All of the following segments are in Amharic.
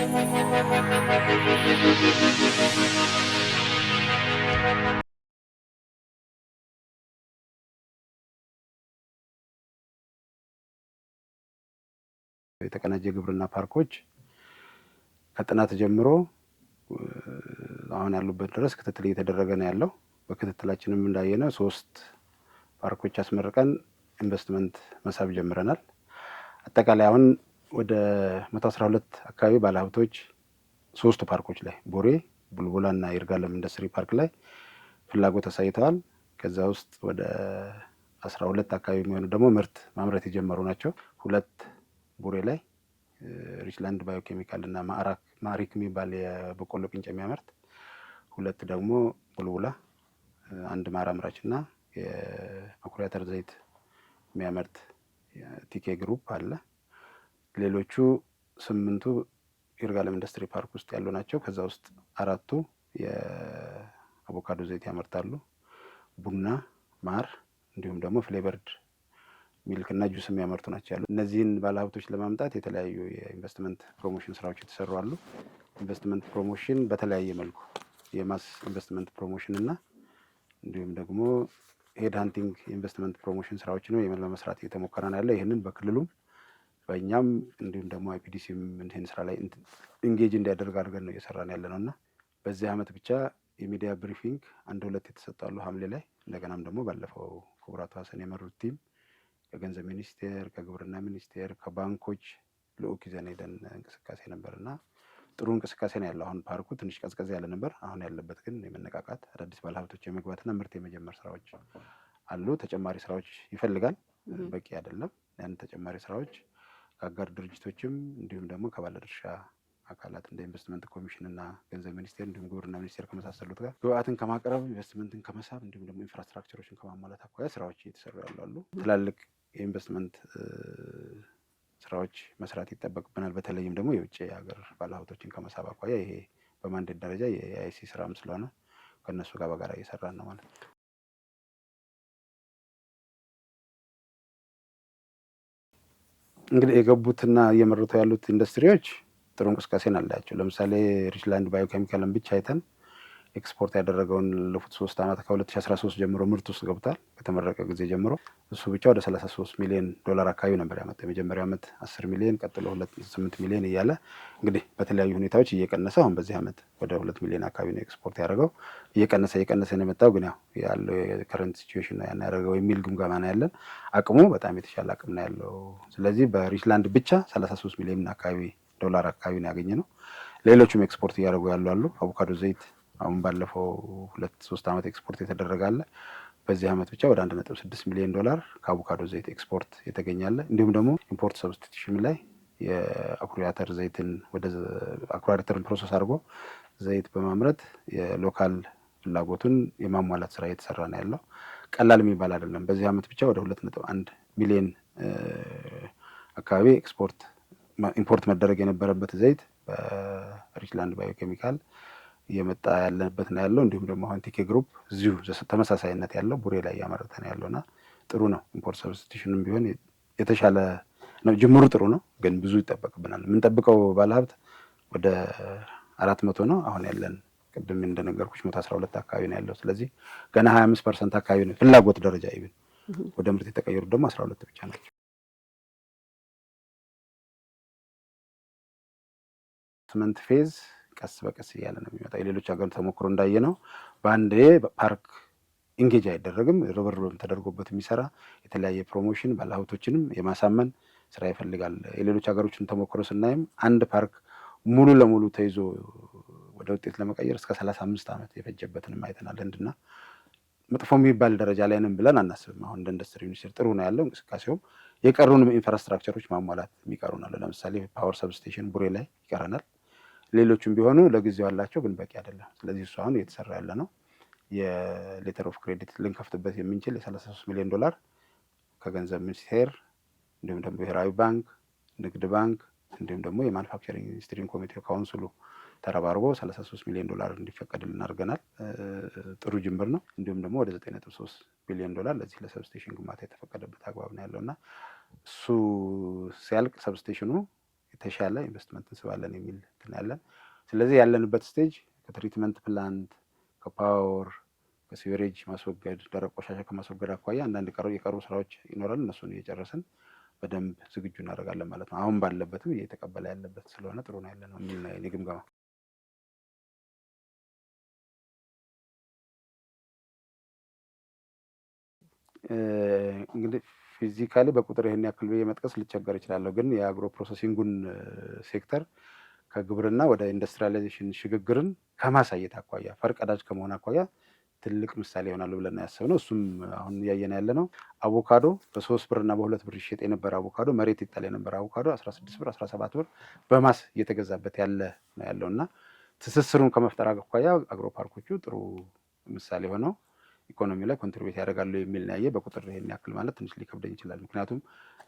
የተቀናጀ ግብርና ፓርኮች ከጥናት ጀምሮ አሁን ያሉበት ድረስ ክትትል እየተደረገ ነው ያለው። በክትትላችንም እንዳየነው ሶስት ፓርኮች አስመርቀን ኢንቨስትመንት መሳብ ጀምረናል። አጠቃላይ አሁን ወደ 112 አካባቢ ባለሀብቶች ሶስቱ ፓርኮች ላይ ቦሬ፣ ቡልቡላ እና ይርጋለም ኢንዱስትሪ ፓርክ ላይ ፍላጎት አሳይተዋል። ከዛ ውስጥ ወደ 12 አካባቢ የሚሆኑ ደግሞ ምርት ማምረት የጀመሩ ናቸው። ሁለት ቡሬ ላይ ሪችላንድ ባዮኬሚካል እና ማሪክ የሚባል የበቆሎ ቅንጭ የሚያመርት ሁለት ደግሞ ቡልቡላ አንድ ማር አምራች እና የአኩሪ አተር ዘይት የሚያመርት ቲኬ ግሩፕ አለ። ሌሎቹ ስምንቱ ይርጋለም ኢንዱስትሪ ፓርክ ውስጥ ያሉ ናቸው። ከዛ ውስጥ አራቱ የአቮካዶ ዘይት ያመርታሉ። ቡና፣ ማር እንዲሁም ደግሞ ፍሌቨርድ ሚልክና ጁስ የሚያመርቱ ናቸው ያሉ። እነዚህን ባለሀብቶች ለማምጣት የተለያዩ የኢንቨስትመንት ፕሮሞሽን ስራዎች የተሰሩ አሉ። ኢንቨስትመንት ፕሮሞሽን በተለያየ መልኩ የማስ ኢንቨስትመንት ፕሮሞሽን እና እንዲሁም ደግሞ ሄድ ሃንቲንግ ኢንቨስትመንት ፕሮሞሽን ስራዎችን የመላ እየተሞከረ ነው ያለ። ይህንን በክልሉም በእኛም እንዲሁም ደግሞ አይፒዲሲም ይህን ስራ ላይ እንጌጅ እንዲያደርግ አድርገን ነው እየሰራን ያለ ነው እና በዚህ አመት ብቻ የሚዲያ ብሪፊንግ አንድ ሁለት የተሰጣሉ ሐምሌ ላይ እንደገናም ደግሞ ባለፈው ክቡራቱ ሀሰን የመሩት ቲም ከገንዘብ ሚኒስቴር፣ ከግብርና ሚኒስቴር፣ ከባንኮች ልዑክ ይዘን ሄደን እንቅስቃሴ ነበር እና ጥሩ እንቅስቃሴ ነው ያለው። አሁን ፓርኩ ትንሽ ቀዝቀዝ ያለ ነበር። አሁን ያለበት ግን የመነቃቃት አዳዲስ ባለሀብቶች የመግባትና ምርት የመጀመር ስራዎች አሉ። ተጨማሪ ስራዎች ይፈልጋል፣ በቂ አይደለም። ያን ተጨማሪ ስራዎች ከአጋር ድርጅቶችም እንዲሁም ደግሞ ከባለድርሻ አካላት እንደ ኢንቨስትመንት ኮሚሽን እና ገንዘብ ሚኒስቴር እንዲሁም ግብርና ሚኒስቴር ከመሳሰሉት ጋር ግብአትን ከማቅረብ ኢንቨስትመንትን ከመሳብ እንዲሁም ደግሞ ኢንፍራስትራክቸሮችን ከማሟላት አኳያ ስራዎች እየተሰሩ ያሉ ትላልቅ የኢንቨስትመንት ስራዎች መስራት ይጠበቅብናል። በተለይም ደግሞ የውጭ ሀገር ባለሀብቶችን ከመሳብ አኳያ ይሄ በማንዴት ደረጃ የአይሲ ስራም ስለሆነ ከእነሱ ጋር በጋራ እየሰራን ነው ማለት ነው። እንግዲህ የገቡትና እየመረቱ ያሉት ኢንዱስትሪዎች ጥሩ እንቅስቃሴን አላቸው። ለምሳሌ ሪችላንድ ባዮኬሚካልን ብቻ አይተን ኤክስፖርት ያደረገውን ላለፉት ሶስት ዓመት ከ2013 ጀምሮ ምርት ውስጥ ገብቷል። ከተመረቀ ጊዜ ጀምሮ እሱ ብቻ ወደ 33 ሚሊዮን ዶላር አካባቢ ነበር ያመጣው። የመጀመሪያ ዓመት 10 ሚሊዮን፣ ቀጥሎ 28 ሚሊዮን እያለ እንግዲህ በተለያዩ ሁኔታዎች እየቀነሰ አሁን በዚህ ዓመት ወደ ሁለት ሚሊዮን አካባቢ ነው ኤክስፖርት ያደረገው። እየቀነሰ እየቀነሰ ነው የመጣው። ግን ያው ያለው የከረንት ሲዌሽን ነው ያን ያደረገው የሚል ግምገማ ነው ያለን። አቅሙ በጣም የተሻለ አቅም ነው ያለው። ስለዚህ በሪችላንድ ብቻ 33 ሚሊዮን አካባቢ ዶላር አካባቢ ነው ያገኘ ነው። ሌሎቹም ኤክስፖርት እያደረጉ ያሉ አሉ። አቮካዶ ዘይት አሁን ባለፈው ሁለት ሶስት ዓመት ኤክስፖርት የተደረገ አለ። በዚህ ዓመት ብቻ ወደ አንድ ነጥብ ስድስት ሚሊዮን ዶላር ከአቮካዶ ዘይት ኤክስፖርት የተገኛለ። እንዲሁም ደግሞ ኢምፖርት ሰብስቲቱሽን ላይ የአኩሪ አተር ዘይትን ወደ አኩሪ አተርን ፕሮሰስ አድርጎ ዘይት በማምረት የሎካል ፍላጎቱን የማሟላት ስራ እየተሰራ ነው ያለው። ቀላል የሚባል አይደለም። በዚህ ዓመት ብቻ ወደ ሁለት ነጥብ አንድ ሚሊዮን አካባቢ ኤክስፖርት ኢምፖርት መደረግ የነበረበት ዘይት በሪችላንድ ባዮኬሚካል እየመጣ ያለንበት ነው ያለው። እንዲሁም ደግሞ አሁን ቲኬ ግሩፕ እዚሁ ተመሳሳይነት ያለው ቡሬ ላይ እያመረተ ነው ያለው ጥሩ ነው። ኢምፖርት ሰብስቲሽንም ቢሆን የተሻለ ነው። ጅምሩ ጥሩ ነው፣ ግን ብዙ ይጠበቅብናል። የምንጠብቀው ባለሀብት ወደ አራት መቶ ነው አሁን ያለን ቅድም እንደነገርኩች መቶ አስራ ሁለት አካባቢ ነው ያለው። ስለዚህ ገና ሀያ አምስት ፐርሰንት አካባቢ ነው ፍላጎት ደረጃ ይብን ወደ ምርት የተቀየሩ ደግሞ አስራ ሁለት ብቻ ናቸው። ስምንት ፌዝ ቀስ በቀስ እያለ ነው የሚመጣ። የሌሎች ሀገር ተሞክሮ እንዳየ ነው። በአንድ ፓርክ እንጌጅ አይደረግም። ርብርብም ተደርጎበት የሚሰራ የተለያየ ፕሮሞሽን ባለሀብቶችንም የማሳመን ስራ ይፈልጋል። የሌሎች ሀገሮችን ተሞክሮ ስናይም አንድ ፓርክ ሙሉ ለሙሉ ተይዞ ወደ ውጤት ለመቀየር እስከ ሰላሳ አምስት ዓመት የፈጀበትንም አይተናል። ህንድና መጥፎ የሚባል ደረጃ ላይ ነን ብለን አናስብም። አሁን እንደ ኢንዱስትሪ ሚኒስቴር ጥሩ ነው ያለው እንቅስቃሴውም የቀሩንም ኢንፍራስትራክቸሮች ማሟላት የሚቀሩናል። ለምሳሌ ፓወር ሰብስቴሽን ቡሬ ላይ ይቀረናል። ሌሎችም ቢሆኑ ለጊዜው ያላቸው ግን በቂ አይደለም። ስለዚህ እሱ አሁን እየተሰራ ያለ ነው የሌተር ኦፍ ክሬዲት ልንከፍትበት የምንችል የሰላሳ ሶስት ሚሊዮን ዶላር ከገንዘብ ሚኒስቴር እንዲሁም ደግሞ ብሔራዊ ባንክ፣ ንግድ ባንክ እንዲሁም ደግሞ የማኑፋክቸሪንግ ኢንዱስትሪ ኮሚቴ ካውንስሉ ተረባርቦ 33 ሚሊዮን ዶላር እንዲፈቀድልን አድርገናል። ጥሩ ጅምር ነው። እንዲሁም ደግሞ ወደ 9.3 ቢሊዮን ዶላር ለዚህ ለሰብስቴሽን ግንባታ የተፈቀደበት አግባብ ነው ያለው እና እሱ ሲያልቅ ሰብስቴሽኑ የተሻለ ኢንቨስትመንት እንስባለን የሚል እንትን ያለን። ስለዚህ ያለንበት ስቴጅ ከትሪትመንት ፕላንት፣ ከፓወር፣ ከሲዌሬጅ ማስወገድ፣ ደረቅ ቆሻሻ ከማስወገድ አኳያ አንዳንድ የቀሩ ስራዎች ይኖራል። እነሱን እየጨረስን በደንብ ዝግጁ እናደርጋለን ማለት ነው። አሁን ባለበትም እየተቀበለ ያለበት ስለሆነ ጥሩ ነው ያለ ነው የሚል የኔ ግምገማ። እንግዲህ ፊዚካሊ በቁጥር ይህን ያክል ብዬ መጥቀስ ልቸገር እችላለሁ። ግን የአግሮ ፕሮሰሲንጉን ሴክተር ከግብርና ወደ ኢንዱስትሪላይዜሽን ሽግግርን ከማሳየት አኳያ ፈርቀዳጅ ከመሆን አኳያ ትልቅ ምሳሌ ይሆናሉ ብለን ያሰብነው እሱም አሁን እያየን ያለ ነው። አቮካዶ በሶስት ብርና በሁለት ብር ይሸጥ የነበረ አቮካዶ መሬት ይጣል የነበረ አቮካዶ አስራ ስድስት ብር አስራ ሰባት ብር በማስ እየተገዛበት ያለ ነው ያለው እና ትስስሩን ከመፍጠር አኳያ አግሮፓርኮቹ ጥሩ ምሳሌ ሆነው ኢኮኖሚ ላይ ኮንትሪቢዩት ያደርጋሉ የሚል ያየ በቁጥር ይሄን ያክል ማለት ትንሽ ሊከብደኝ ይችላል። ምክንያቱም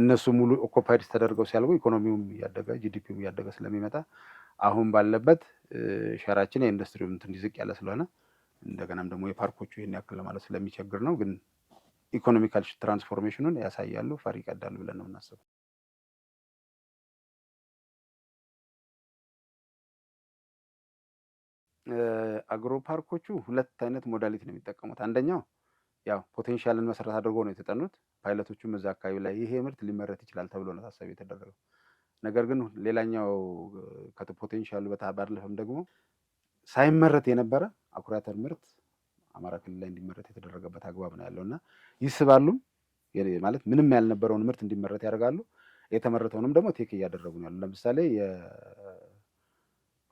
እነሱ ሙሉ ኦኮፓይድ ተደርገው ሲያልጉ ኢኮኖሚውም እያደገ ጂዲፒውም እያደገ ስለሚመጣ አሁን ባለበት ሸራችን የኢንዱስትሪውም እንትን ዝቅ ያለ ስለሆነ እንደገናም ደግሞ የፓርኮቹ ይህን ያክል ለማለት ስለሚቸግር ነው። ግን ኢኮኖሚካል ትራንስፎርሜሽኑን ያሳያሉ፣ ፈር ይቀዳሉ ብለን ነው የምናስበው። አግሮ ፓርኮቹ ሁለት አይነት ሞዳሊቲ ነው የሚጠቀሙት። አንደኛው ያው ፖቴንሻልን መሰረት አድርጎ ነው የተጠኑት። ፓይለቶቹም እዛ አካባቢ ላይ ይሄ ምርት ሊመረት ይችላል ተብሎ ነው ታሳቢ የተደረገው። ነገር ግን ሌላኛው ከፖቴንሻሉ ባለፈም ደግሞ ሳይመረት የነበረ አኩሪ አተር ምርት አማራ ክልል ላይ እንዲመረት የተደረገበት አግባብ ነው ያለው እና ይስባሉም ማለት ምንም ያልነበረውን ምርት እንዲመረት ያደርጋሉ። የተመረተውንም ደግሞ ቴክ እያደረጉ ነው ያሉ። ለምሳሌ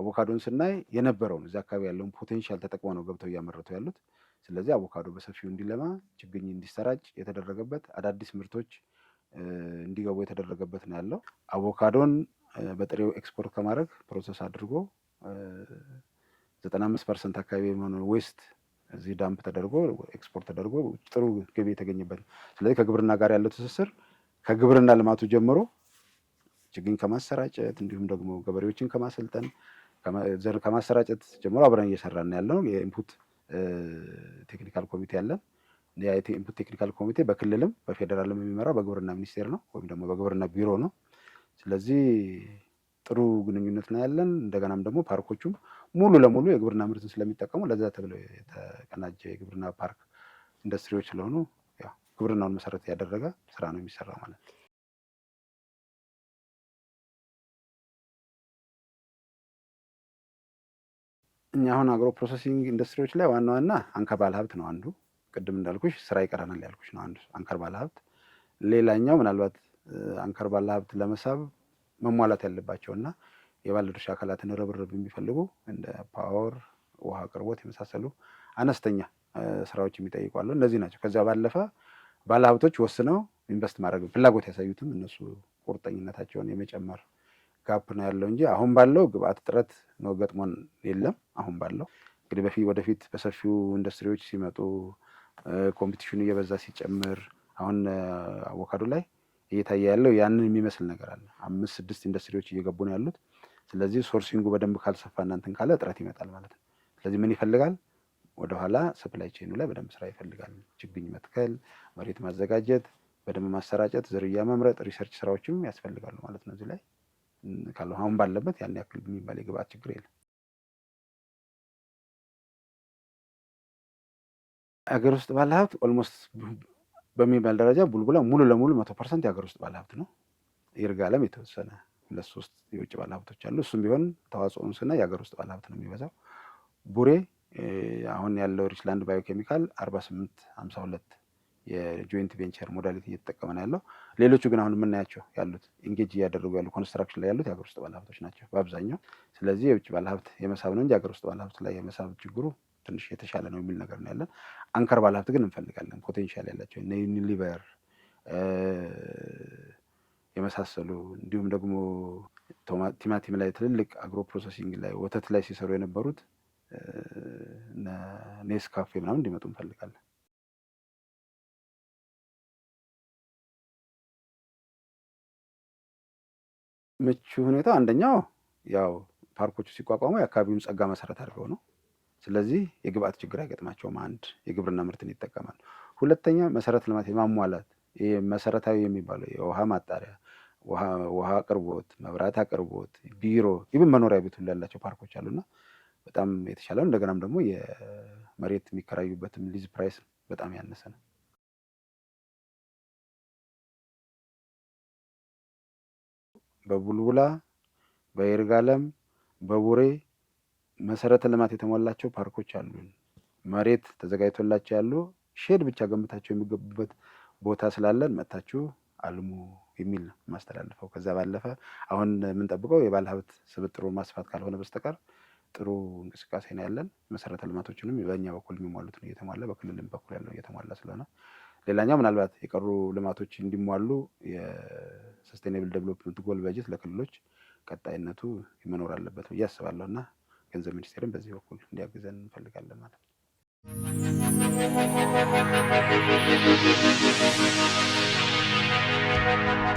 አቮካዶን ስናይ የነበረውን እዚ አካባቢ ያለውን ፖቴንሻል ተጠቅመው ነው ገብተው እያመረቱ ያሉት። ስለዚህ አቮካዶ በሰፊው እንዲለማ፣ ችግኝ እንዲሰራጭ የተደረገበት አዳዲስ ምርቶች እንዲገቡ የተደረገበት ነው ያለው። አቮካዶን በጥሬው ኤክስፖርት ከማድረግ ፕሮሰስ አድርጎ ዘጠና አምስት ፐርሰንት አካባቢ የሚሆነው ዌስት እዚህ ዳምፕ ተደርጎ ኤክስፖርት ተደርጎ ጥሩ ገቢ የተገኘበት ነው። ስለዚህ ከግብርና ጋር ያለው ትስስር ከግብርና ልማቱ ጀምሮ ችግኝ ከማሰራጨት እንዲሁም ደግሞ ገበሬዎችን ከማሰልጠን ከማሰራጨት ጀምሮ አብረን እየሰራን ያለው ነው። የኢንፑት ቴክኒካል ኮሚቴ አለን። ኢንፑት ቴክኒካል ኮሚቴ በክልልም በፌዴራልም የሚመራው በግብርና ሚኒስቴር ነው ወይም ደግሞ በግብርና ቢሮ ነው። ስለዚህ ጥሩ ግንኙነት ነው ያለን። እንደገናም ደግሞ ፓርኮቹም ሙሉ ለሙሉ የግብርና ምርትን ስለሚጠቀሙ ለዛ ተብለው የተቀናጀ የግብርና ፓርክ ኢንዱስትሪዎች ስለሆኑ ግብርናውን መሰረት ያደረገ ስራ ነው የሚሰራ ማለት ነው። እኛ አሁን አግሮ ፕሮሰሲንግ ኢንዱስትሪዎች ላይ ዋና ዋና አንከር ባለሀብት ነው አንዱ። ቅድም እንዳልኩሽ ስራ ይቀረናል ያልኩሽ ነው አንዱ አንከር ባለሀብት። ሌላኛው ምናልባት አንከር ባለሀብት ለመሳብ መሟላት ያለባቸው እና የባለድርሻ አካላትን ርብርብ የሚፈልጉ እንደ ፓወር፣ ውሃ አቅርቦት የመሳሰሉ አነስተኛ ስራዎች የሚጠይቋሉ እነዚህ ናቸው። ከዚያ ባለፈ ባለሀብቶች ወስነው ኢንቨስት ማድረግ ፍላጎት ያሳዩትም እነሱ ቁርጠኝነታቸውን የመጨመር ጋፕ ነው ያለው እንጂ አሁን ባለው ግብአት እጥረት ነው ገጥሞን የለም። አሁን ባለው እንግዲህ በፊት ወደፊት በሰፊው ኢንዱስትሪዎች ሲመጡ ኮምፒቲሽኑ እየበዛ ሲጨምር አሁን አቮካዶ ላይ እየታየ ያለው ያንን የሚመስል ነገር አለ። አምስት ስድስት ኢንዱስትሪዎች እየገቡ ነው ያሉት። ስለዚህ ሶርሲንጉ በደንብ ካልሰፋ እናንትን ካለ እጥረት ይመጣል ማለት ነው። ስለዚህ ምን ይፈልጋል? ወደኋላ ሰፕላይ ቼኑ ላይ በደንብ ስራ ይፈልጋል። ችግኝ መትከል፣ መሬት ማዘጋጀት፣ በደንብ ማሰራጨት፣ ዝርያ መምረጥ፣ ሪሰርች ስራዎችም ያስፈልጋሉ ማለት ነው እዚህ ላይ ካለ አሁን ባለበት ያን ያክል የሚባል የግብአት ችግር የለም። አገር ውስጥ ባለሀብት ኦልሞስት በሚባል ደረጃ ቡልቡላ ሙሉ ለሙሉ መቶ ፐርሰንት የሀገር ውስጥ ባለሀብት ነው። ይርጋለም የተወሰነ ሁለት ሶስት የውጭ ባለሀብቶች አሉ። እሱም ቢሆን ተዋጽኦን ስና የሀገር ውስጥ ባለሀብት ነው የሚበዛው። ቡሬ አሁን ያለው ሪችላንድ ባዮኬሚካል አርባ ስምንት ሀምሳ ሁለት የጆይንት ቬንቸር ሞዳሊቲ ነው ያለው። ሌሎቹ ግን አሁን የምናያቸው ያሉት ኢንጌጅ እያደረጉ ያሉ ኮንስትራክሽን ላይ ያሉት የሀገር ውስጥ ባለሀብቶች ናቸው በአብዛኛው። ስለዚህ የውጭ ባለሀብት የመሳብ ነው እንጂ ሀገር ውስጥ ባለሀብት ላይ የመሳብ ችግሩ ትንሽ የተሻለ ነው የሚል ነገር ነው ያለን። አንከር ባለሀብት ግን እንፈልጋለን፣ ፖቴንሻል ያላቸው እነ ዩኒሊቨር የመሳሰሉ እንዲሁም ደግሞ ቲማቲም ላይ ትልልቅ አግሮ ፕሮሰሲንግ ላይ ወተት ላይ ሲሰሩ የነበሩት ኔስካፌ ምናምን እንዲመጡ እንፈልጋለን። ምቹ ሁኔታ አንደኛው ያው ፓርኮቹ ሲቋቋሙ የአካባቢውን ጸጋ መሰረት አድርገው ነው። ስለዚህ የግብአት ችግር አይገጥማቸውም። አንድ የግብርና ምርትን ይጠቀማል። ሁለተኛ መሰረተ ልማት የማሟላት መሰረታዊ የሚባለው የውሃ ማጣሪያ፣ ውሃ አቅርቦት፣ መብራት አቅርቦት፣ ቢሮ ይብን መኖሪያ ቤቱ ያላቸው ፓርኮች አሉና በጣም የተሻለ ነው። እንደገናም ደግሞ የመሬት የሚከራዩበትም ሊዝ ፕራይስ በጣም ያነሰ ነው። በቡልቡላ በይርጋለም በቡሬ መሰረተ ልማት የተሟላቸው ፓርኮች አሉ መሬት ተዘጋጅቶላቸው ያሉ ሼድ ብቻ ገንብታቸው የሚገቡበት ቦታ ስላለን መጥታችሁ አልሙ የሚል ነው የማስተላልፈው። ከዛ ባለፈ አሁን የምንጠብቀው የባለ ሀብት ማስፋት ካልሆነ በስተቀር ጥሩ እንቅስቃሴ ነው ያለን። መሰረተ ልማቶችንም በእኛ በኩል የሚሟሉትን እየተሟላ በክልልም በኩል ያለው እየተሟላ ስለሆነ ሌላኛው ምናልባት የቀሩ ልማቶች እንዲሟሉ የሰስቴናብል ዴቨሎፕመንት ጎል በጀት ለክልሎች ቀጣይነቱ መኖር አለበት ብዬ አስባለሁ እና ገንዘብ ሚኒስቴርን በዚህ በኩል እንዲያግዘን እንፈልጋለን ማለት ነው።